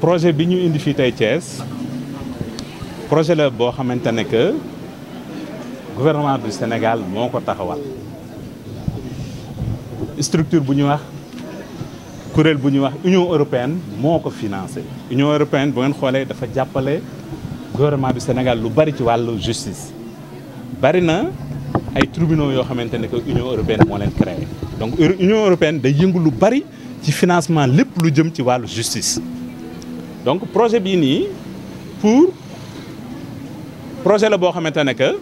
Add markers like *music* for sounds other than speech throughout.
projet bi ñu indi fii tey Thiès projet la boo xamante ne que gouvernement du Sénégal moo ko taxawal structure bu ñu wax kuréel bu ñuy wax Union européenne moo ko financé Union européenne bu ngeen xoolee dafa jàppale gouvernement bi Sénégal lu bari ci wàllu justice bari na ay tribunaux yoo xamante ne que Union européenne moo leen créé donc Union européenne day yëngu lu bari ci financement lépp lu jëm ci wàllu justice donc projet bii nii pour projet la boo xamante ne que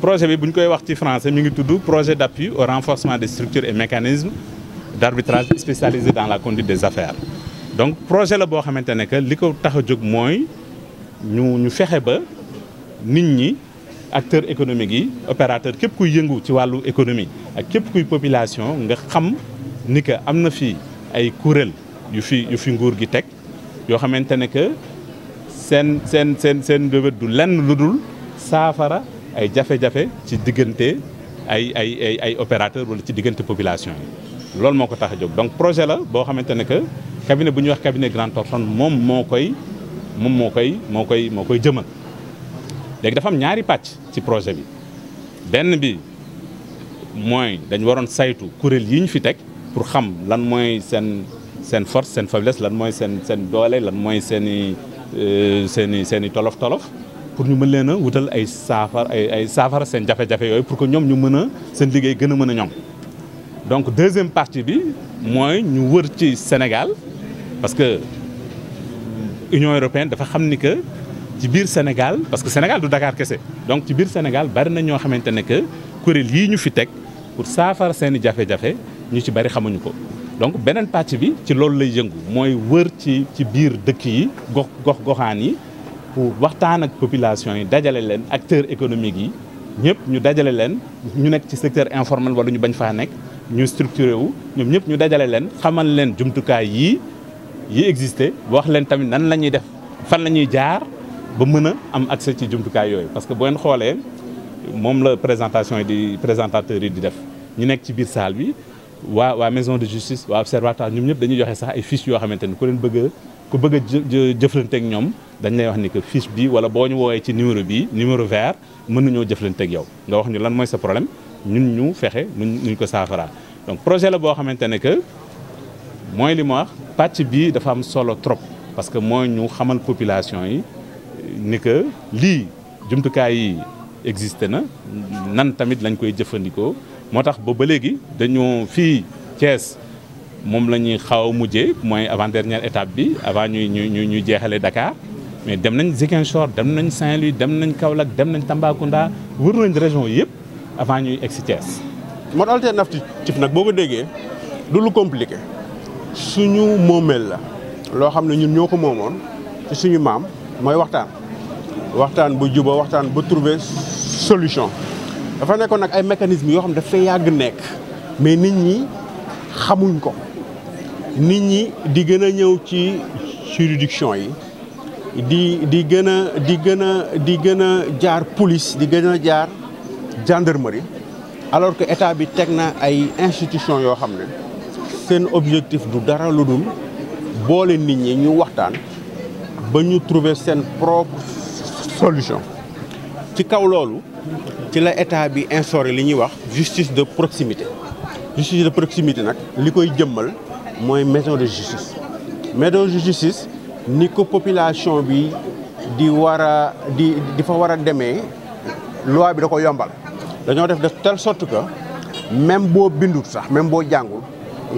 projet bi bu ñu koy wax ci français mu ngi tudd projet d'appui au renforcement de structures et mécanismes d'arbitrage spécialisés dans la conduite des affaires donc projet la boo xamante ne que li ko tax a jóg mooy ñu ñu fexe ba nit ñi acteurs économiques yi opérateur képp kuy yëngu ci wàllu économie ak képp kuy population nga xam ni que am na fi ay kuréel yu fi yu fi nguur gi teg yoo xamante ne que seen seen seen seen mbébét du lenn lu dul saafara ay jafe-jafe ci diggante ay ay ay ay opérateur wala ci diggante population yi loolu moo ko tax a jóg donc projet la boo xamante ne que cabinet bu ñuy wax cabinet Grand Orson moom moo koy moom moo koy moo koy moo koy jëmal léegi dafa am ñaari pàcc ci projet bi benn bi mooy dañ waroon saytu kuréel yi ñu fi teg pour xam lan mooy seen seen force seen faiblesse lan mooy seen seen doole lan mooy seen euh, i seen i seen i tolof tolof pour ñu mën leen a wutal ay saafara ay saafara seen jafe-jafe yooyu pour que ñoom ñu mën a seen liggéey gën a mën a ñoom donc deuxième partie bi mooy ñu wër ci Sénégal parce que Union européenne dafa xam ni que ci biir Sénégal parce que Sénégal du dakaar kese donc ci biir Sénégal bari nañ ñoo xamante ne que kuréel yii ñu fi teg pour saafara seen i jafe-jafe ñu ci bari xamuñu ko. donc beneen pàcc bi ci loolu lay yëngu mooy wër ci ci biir dëkk yi gox gox goxaan yi pour waxtaan ak population yi dajale leen acteurs économiques yi ñëpp ñu dajale leen ñu nekk ci secteur informel wala ñu bañ faa nekk ñu structuré wu ñoom ñëpp ñu dajale leen xamal leen jumtukaay yii yi existé wax leen tamit nan la ñuy def fan la ñuy jaar ba mën a am acce ci jumtukaay yooyu parce que boo ngeen xoolee moom la présentation yi di présentateur yi di def ñu nekk ci biir salle bi waa waa maison de justice waa observatoire ñoom ñëpp dañuy joxe sax ay fiches yoo xamante ni ku ko bëgg a ku bëgg a jëflante ak ñoom dañ lay wax ni que fiche bi wala boo ñu woowee ci numéro bi numéro vert mën nañoo jëflante yow nga wax ñu lan mooy sa problème ñun ñu fexe nuñ nuñ ko saafaraa donc projet la boo xamante ne que mooy li ma wax pàcc bii dafa am solo trop parce que mooy ñu xamal population yi euh, ni que lii jumtukaay yi existé na nan tamit lañ koy jëfandikoo moo tax ba ba léegi dañoo fii Thiès moom la ñuy xaw a mujjee mooy avant dernière étape bi avant ñuy ñu ñu ñuy jeexalee Dakar mais dem nañ Ziguinchor dem nañ Saint-Louis dem nañ Kaolack dem nañ Tambacounda wër nañ région yëpp avant ñuy moo si Thiès. modalité alternative nag boo ko déggee du lu compliqué suñu moomeel la loo xam ne ñun ñoo ko moomoon ci suñu maam mooy waxtaan waxtaan bu juba waxtaan ba trouver solution. dafa nekkoon nag ay mécanismes yoo xam ne dafay yàgg nekk mais nit ñi xamuñ ko nit ñi di gën a ñëw ci juridiction yi di di gën a di gën a di gën a jaar police di gën a jaar gendarmerie alors que état bi teg na ay institution yoo xam ne seen objectif du dara lu dul boole nit ñi ñu waxtaan ba ñu trouver seen propre solution ci kaw loolu ci la état bi instauré li ñuy wax justice de proximité justice de proximité nag li koy jëmmal mooy maison de justice maison de justice ni ko population bi di war a di di fa war a demee loi bi da koy yombal dañoo def def telle sorte que même boo bindut sax même boo jàngul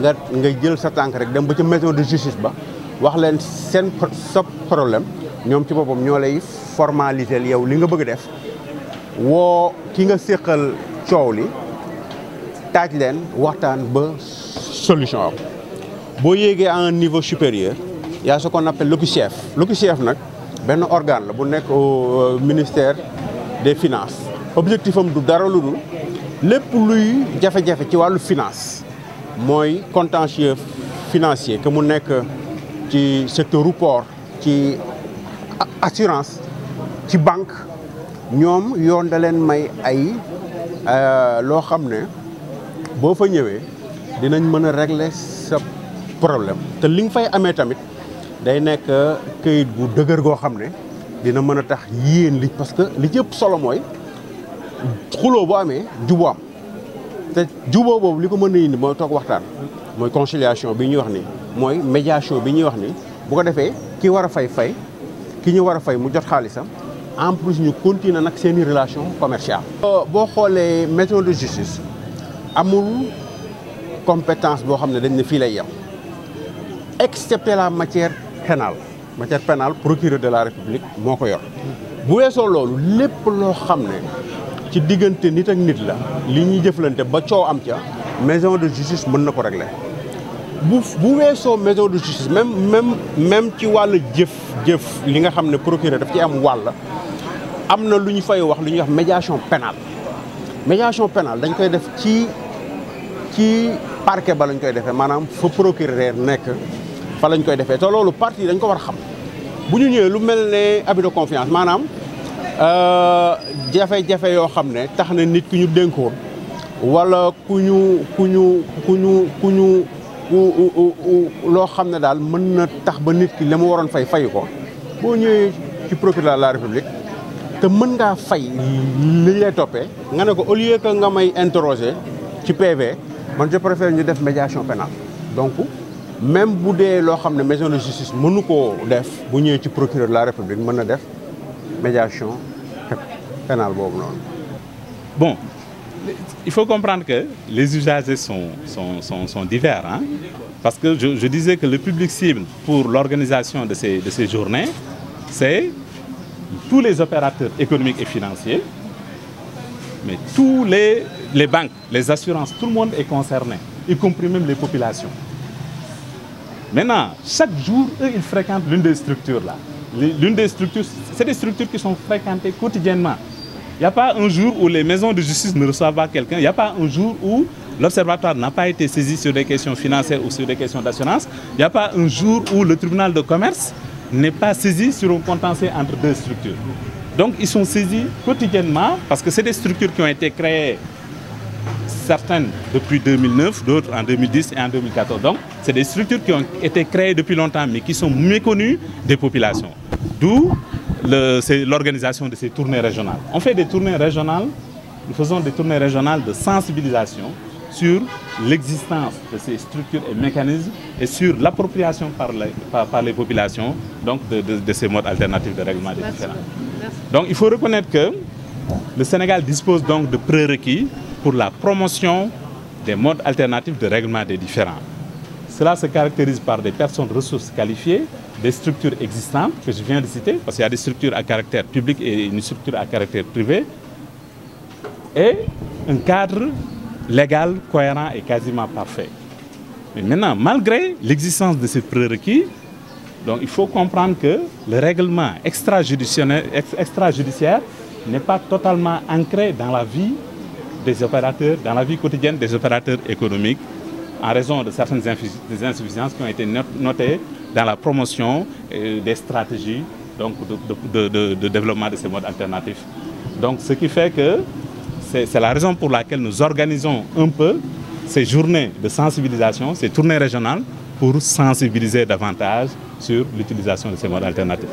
nga nga jël sa tànk rek dem ba ca maison de justice ba wax leen seen sa problème ñoom ci boppam ñoo lay formaliser yow li nga bëgg def woo kii nga séqal coow li taaj leen waxtaan ba solution boo yéegee à niveau supérieur y a ce qu'on appelle l'OPCF l'OPCF nag benn organe la bu nekk au euh, ministère des finances objectif am du dara lu dul lépp luy jafe-jafe ci wàllu finance mooy contentieux financier que mu nekk ci secteur port ci assurance ci banque ñoom yoon da leen may ay euh, loo xam ne boo fa ñëwee dinañ mën a régler sa problème te li nga fay amee tamit day nekk kayit gu dëgër goo xam ne dina mën a tax yéen li parce que li ci ëpp solo mooy xuloo bu amee juboo am te juboo boobu li ko mën a indi mooy toog waxtaan mooy conciliation bi ñuy wax nii mooy médiation bi ñuy wax nii bu ko defee kii war a fay fay kii ñuy war a fay mu jot xaalisam en plus ñu continuer nag seeni relation commerciale boo xoolee maison de justice amul compétence boo xam ne dañ ne fii lay yem excepté la matière pénale matière pénale procureur de la république moo ko yor bu weesoo loolu lépp loo xam ne ci diggante nit ak nit la li ñuy jëflante ba coow am ca maison de justice mën na ko regle bu bu weesoo maison de justice même même même ci wàll jëf jëf li nga xam ne procureur daf ci am wàll am na lu ñu fay wax lu ñuy wax médiation penal médiation pénale dañ koy def ci ci parke ba lañ koy defee maanaam fa procureur nekk fa lañ koy defee te loolu parti dañ ko war a xam bu ñu ñëwee lu mel ne abus de confiance maanaam euh, jafe-jafe yoo xam ne tax na nit ku ñu dénkoon wala ku ñu ku ñu ku ñu ku ñu loo xam ne daal mën na tax ba nit ki la mu waroon fay fayu ko boo ñëwee ci procureur de la république te mën ngaa fay li ñu lay toppee nga ne ko au lieu que nga may interroger ci PV man je préfère ñu def médiation pénale donc même bu dee loo xam ne maison de justice mënu koo def bu ñëwee ci procureur de la république mën na def médiation penal boobu noonu. bon il faut comprendre que les usagers sont sont sont sont divers hein parce que je je disais que le public cible pour l'organisation de ces de ces journées c'est tous les opérateurs économiques et financiers, mais tous les, les banques, les assurances, tout le monde est concerné, y compris même les populations. chaque jour, eux, ils fréquentent l'une des structures là. L'une des structures, c'est des structures qui sont fréquentées quotidiennement. Il n'y a pas un jour où les maisons de justice ne reçoivent pas quelqu'un. Il n'y a pas un jour où l'observatoire n'a pas été saisi sur des questions financières ou sur des questions d'assurance. Il n'y le tribunal de commerce n'est pas saisie sur un contentieux entre deux structures. Donc ils sont saisis quotidiennement parce que c'est des structures qui ont été créées, certaines depuis 2009, d'autres en 2010 et en 2014. Donc c'est des structures qui ont été créées depuis longtemps mais qui sont méconnues des populations. D'où l'organisation de ces tournées régionales. On fait des tournées régionales, nous faisons des tournées régionales de sensibilisation sur l'existence de ces structures et mécanismes et sur l'appropriation par les, par, par, les populations donc de, de, de, ces modes alternatifs de règlement des différends. Donc il faut reconnaître que le Sénégal dispose donc de prérequis pour la promotion des modes alternatifs de règlement des différends. Cela se caractérise par des personnes ressources qualifiées, des structures existantes que je viens de citer, parce qu'il y a des structures à caractère public et une structure cadre légal, cohérent et quasiment parfait. Mais maintenant, malgré l'existence de ces prérequis, donc il faut comprendre que le règlement extrajudiciaire, extrajudiciaire n'est pas totalement ancré dans la vie des opérateurs, dans la vie quotidienne des opérateurs économiques, en raison de certaines insuffisances qui ont été notées dans la promotion euh, des stratégies donc de, de, de, de développement de ces modes alternatifs. Donc ce qui fait que c'est la raison pour laquelle nous organisons un peu ces journées de sensibilisation, ces tournées régionales, pour sensibiliser davantage sur l'utilisation de ces modes alternatifs.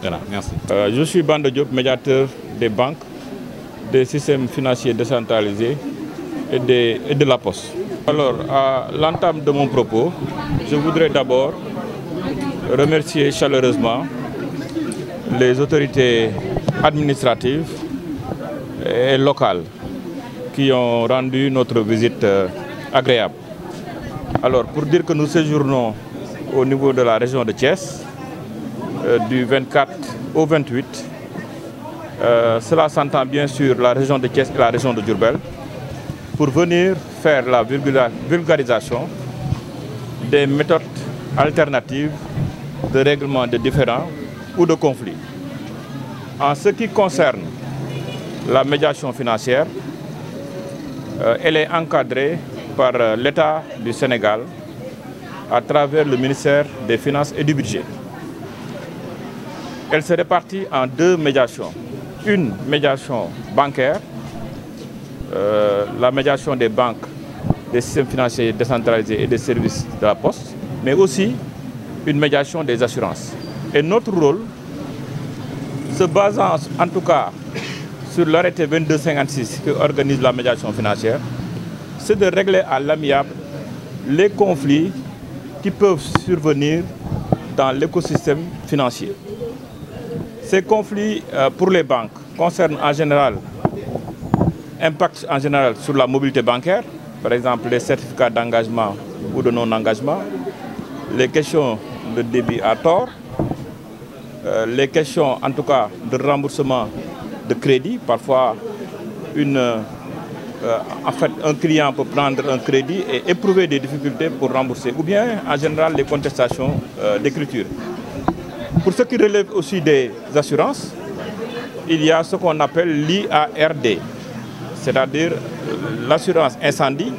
Voilà, merci. Euh, je suis Bande Diop, médiateur des banques, des systèmes financiers décentralisés et, des, de la poste. Alors, à l'entame de mon propos, je voudrais d'abord remercier chaleureusement les autorités administratives et locales qui ont rendu notre visite euh, Alors, pour dire que nous séjournons au niveau de la région de Thiès, euh, du 24 au 28, euh, cela s'entend bien sur la région de Thiès et la région de Durbel, pour venir faire la vulgarisation des méthodes alternatives de de différends ou de conflits. En ce qui concerne la médiation financière. Euh, elle est encadrée par euh, l'État du Sénégal à travers le ministère des Finances et du Budget. Elle se répartit en deux médiations. Une médiation bancaire, euh, la médiation des banques, des systèmes financiers décentralisés et des services de la poste, mais aussi une médiation des assurances. Et notre rôle, se basant en tout cas sur l'arrêté 2256 qui organise la médiation financière, c'est de régler à l'amiable les conflits qui peuvent survenir dans l'écosystème financier. Ces conflits euh, pour les banques concernent en général impact en général sur la mobilité bancaire, par exemple les certificats d'engagement ou de non-engagement, les questions de débit à tort, euh, les questions en tout cas de remboursement de crédit. Parfois, une, euh, en fait, un client peut prendre un crédit et éprouver des difficultés pour rembourser, ou bien en général les contestations euh, d'écriture. Pour ce qui relève aussi des assurances, il y a ce qu'on appelle l'IARD, c'est-à-dire l'assurance incendie,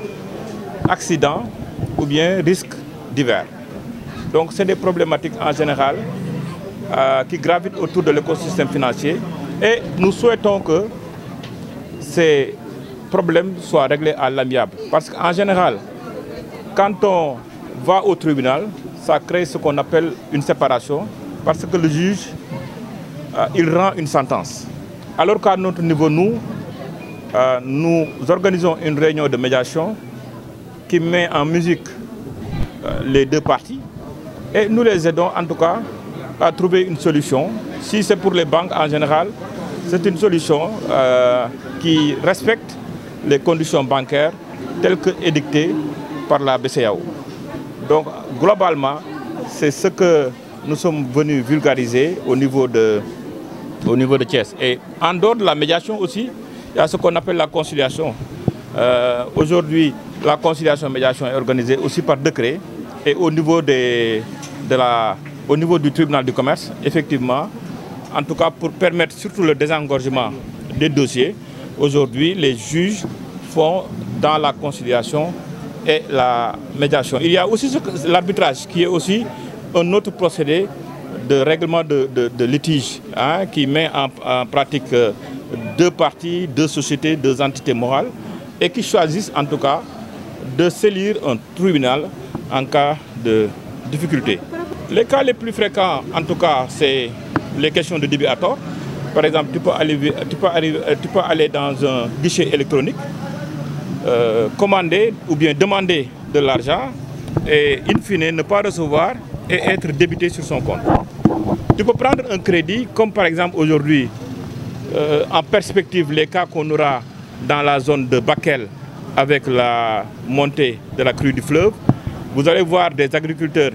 accident ou bien risque divers. Donc c'est des problématiques en général euh, qui gravitent autour de l'écosystème financier Et nous souhaitons que ces problèmes soient réglés à l'amiable. Parce qu'en général, quand on va au tribunal, ça crée ce qu'on appelle une séparation, parce que le juge, euh, il rend une sentence. Alors qu'à notre niveau, nous, euh, nous organisons une réunion de médiation qui met en musique euh, les deux parties et nous les aidons en tout cas à trouver une solution. Si c'est pour les banques en général, C'est une solution euh, qui respecte les conditions bancaires telles que édictées par la BCAO. E Donc globalement, c'est ce que nous sommes vulgariser au niveau de au niveau de Thiès. Et en dehors de la médiation aussi, il y a ce qu'on appelle la conciliation. Euh, aujourd'hui, la conciliation médiation est organisée aussi par décret et au niveau des de la au niveau du tribunal du commerce, effectivement, en tout cas pour permettre surtout le désengorgement des dossiers. Aujourd'hui, les juges font dans la conciliation et la médiation. Il y a aussi l'arbitrage qui est aussi un autre procédé de règlement de, de, de litige hein, qui met en, en pratique euh, deux parties, deux sociétés, deux entités morales et qui choisissent en tout cas de s'élire un tribunal en cas de difficulté. Les cas les plus fréquents, en tout cas, c'est les questions de débit à tort. Par exemple, tu peux aller, tu peux arriver, euh, tu peux aller dans un guichet électronique, euh, commander ou bien demander de l'argent et in fine ne pas recevoir et être débité sur son compte. Tu peux prendre un crédit comme par exemple aujourd'hui, euh, en perspective les cas qu'on aura dans la zone de Bakel avec la montée de la crue du fleuve, vous allez voir des agriculteurs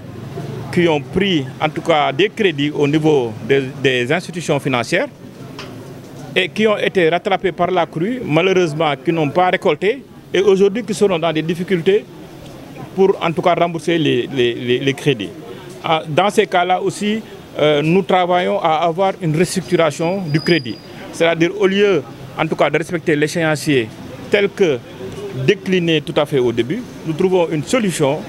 qui ont pris en tout cas des crédits au niveau des, des institutions financières et qui ont été rattrapés par la crue, malheureusement qui n'ont pas récolté et aujourd'hui qui seront dans des difficultés pour en tout cas rembourser les, les, les crédits. Ah, dans ces cas-là aussi, euh, nous travaillons à avoir une restructuration du crédit. C'est-à-dire au lieu en tout cas de respecter l'échéancier tel que décliné tout à fait au début, nous trouvons une solution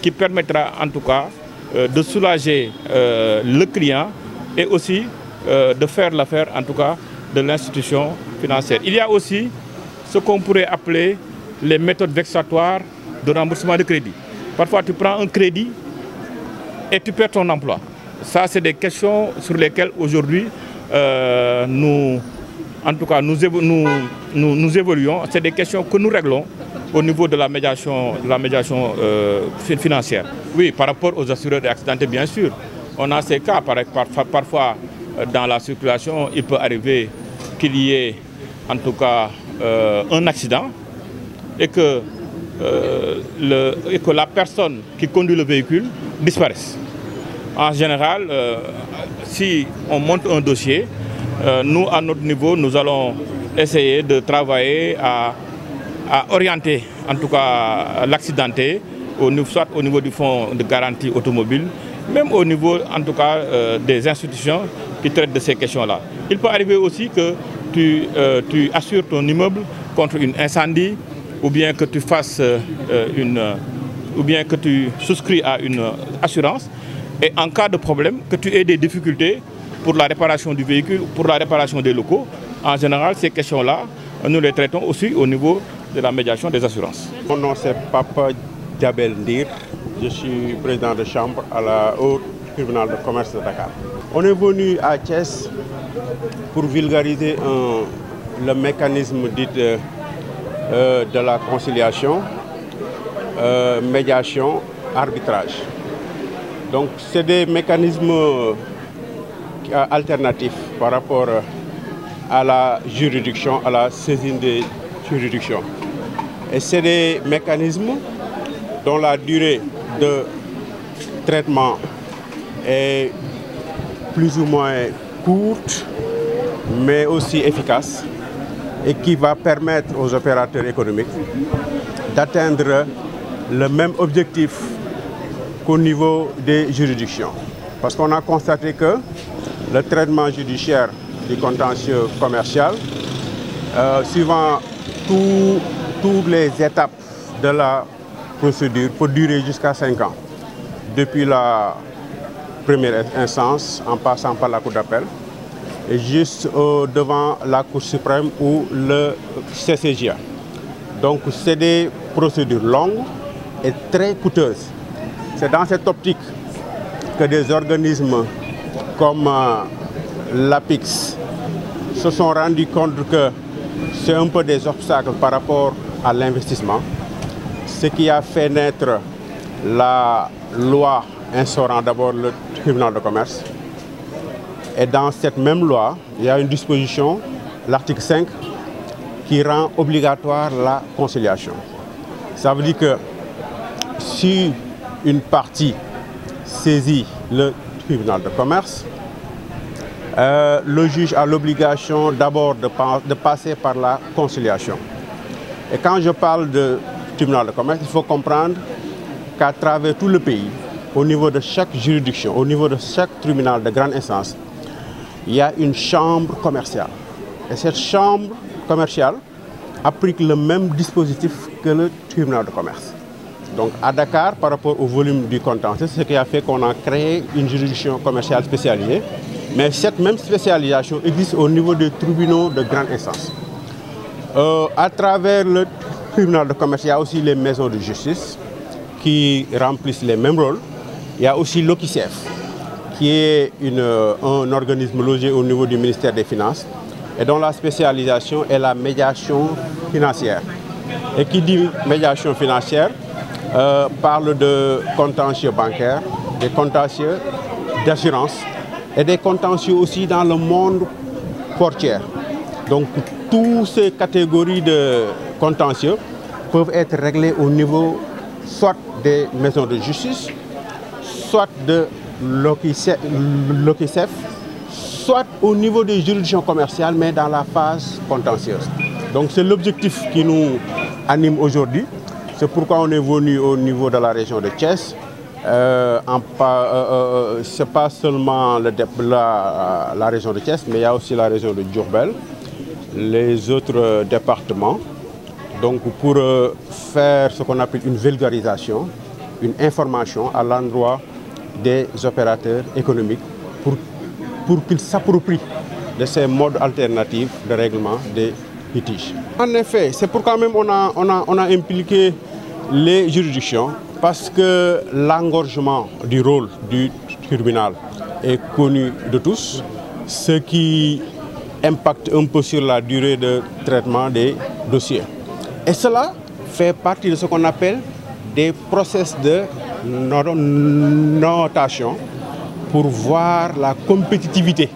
qui permettra en tout cas Euh, de soulager euh, le client et aussi euh, de faire l'affaire, en tout cas, de l'institution financière. Il y a aussi ce qu'on pourrait appeler les méthodes vexatoires de remboursement de crédit. Parfois, tu prends un crédit et tu perds ton emploi. Ça, c'est des questions sur lesquelles aujourd'hui euh, nous, en tout cas, nous, nous, nous, nous évoluons. C'est des questions que nous réglons. au niveau de la médiation, de la médiation euh, financière. Oui, par rapport aux assureurs et accidentés, bien sûr. On a ces cas, par, par, parfois euh, dans la circulation, il peut arriver qu'il y ait en tout cas euh, un accident et que, euh, le, et que la personne qui conduit le véhicule disparaisse. En général, euh, si on monte un dossier, euh, nous, à notre niveau, nous allons essayer de travailler à à orienter en tout cas l'accidenté, au niveau, soit au niveau du fonds de garantie automobile, même au niveau en tout cas euh, des institutions qui traitent de ces questions-là. Il peut arriver aussi que tu, euh, tu, assures ton immeuble contre une incendie ou bien que tu fasses euh, euh, une bien que tu souscris à une assurance et en cas de problème que tu aies des difficultés pour la réparation du véhicule, pour la réparation des locaux. En général, ces questions-là, nous les traitons aussi au niveau de la médiation des assurances. Mon nom c'est Papa Diabel Ndir. Je suis président de chambre à la Haute tribunal de commerce de Dakar. On est venu à Thiès pour vulgariser un, le mécanisme dit euh, euh de la conciliation, euh, médiation, arbitrage. Donc c'est des mécanismes euh, alternatifs par rapport euh, à la juridiction, à la saisine des juridictions. Et c'est des mécanismes dont la durée de traitement est plus ou moins courte, mais aussi efficace, et qui va permettre aux opérateurs économiques d'atteindre le même objectif qu'au niveau des juridictions. Parce qu'on a constaté que le traitement judiciaire du contentieux commercial, euh, suivant tout toutes les étapes de la procédure peut durer jusqu'à 5 ans, depuis la première instance en passant par la Cour d'appel, et juste euh, devant la Cour suprême ou le CCJA. Donc c'est des procédures longues et très coûteuses. C'est dans cette optique que des organismes comme euh, l'APIX se sont rendus compte que c'est un peu des obstacles par rapport à l'investissement, ce qui a fait naître la loi instaurant d'abord le tribunal de commerce. Et dans cette même loi, il a une disposition, l'article 5, qui rend obligatoire la conciliation. Ça veut dire que si une partie saisit le tribunal de commerce, euh, le juge a l'obligation d'abord de, de passer par la conciliation. Et quand je parle de tribunal de commerce, il faut comprendre qu'à travers tout le pays, au niveau de chaque juridiction, au niveau de chaque tribunal de grande instance, il y a une chambre commerciale. Et cette chambre commerciale applique le même dispositif que le tribunal de commerce. Donc à Dakar, par rapport au volume du contentieux, c'est ce qui a fait qu'on a créé une juridiction commerciale spécialisée. Mais cette même spécialisation existe au niveau des tribunaux de grande instance. Euh, à travers le tribunal de commerce, il a aussi les maisons de justice qui remplissent les mêmes rôles. Il a aussi l'OQCF, qui est une, euh, un organisme logé au niveau du ministère des Finances et dont la spécialisation est la médiation financière. Et qui dit médiation financière euh, parle de contentieux bancaires, de contentieux d'assurance et des contentieux aussi dans le monde portier. Donc toutes ces catégories de contentieux peuvent être réglées au niveau soit des maisons de justice, soit de l'OQICEF, soit au niveau des juridictions commerciales, mais dans la phase contentieuse. Donc c'est l'objectif qui nous anime aujourd'hui. C'est pourquoi on est venu au niveau de la région de Thiès. Euh, euh, euh, euh Ce n'est pas seulement le, la, la, région de Thiès, mais il y a aussi la région de Djurbel, les autres euh, départements. Donc pour euh, faire ce qu'on appelle une vulgarisation, une information à l'endroit des opérateurs économiques pour, pour qu'ils s'approprient de ces modes alternatifs de règlement des litiges. En effet, c'est pourquoi même on a, on, a, on a impliqué les juridictions parce que l'engorgement du rôle du tribunal est connu de tous, ce qui impacte un peu sur la durée de traitement des dossiers. Et cela fait partie de ce qu'on appelle des process de notation pour voir la compétitivité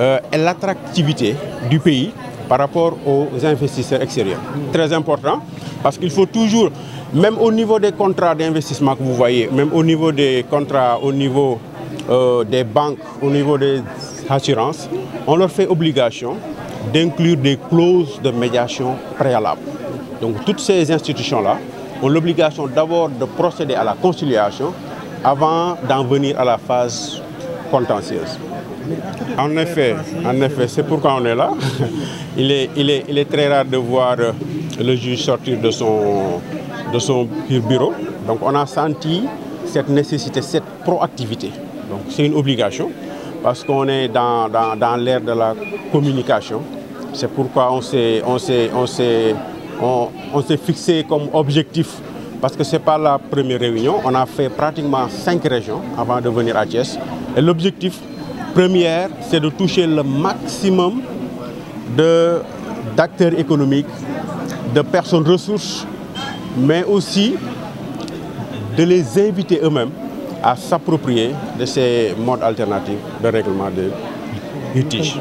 euh, et l'attractivité du pays par rapport aux investisseurs extérieurs. Très important, parce qu'il faut toujours, même au niveau des contrats d'investissement que vous voyez, même au niveau des contrats, au niveau euh, des banques, au niveau des assurances, on leur fait obligation d'inclure des clauses de médiation préalable. Donc toutes ces institutions-là ont l'obligation d'abord de procéder à la conciliation avant d'en venir à la phase contentieuse. En effet, en effet, c'est pourquoi on est là. *laughs* Il est, il, est, il est très rare de voir euh, le juge sortir de son, de son bureau. Donc on a senti cette nécessité, cette proactivité. Donc c'est une obligation. parce qu'on est dans, dans, dans l'ère de la communication. C'est pourquoi on s'est on s'est on, on fixé comme objectif parce que c'est pas la première réunion, on a fait pratiquement cinq régions avant de venir à Thiès et l'objectif première, c'est de toucher le maximum de d'acteurs économiques, de personnes ressources, mais aussi de les inviter eux-mêmes à s'approprier de ces modes alternatifs de règlement des litiges.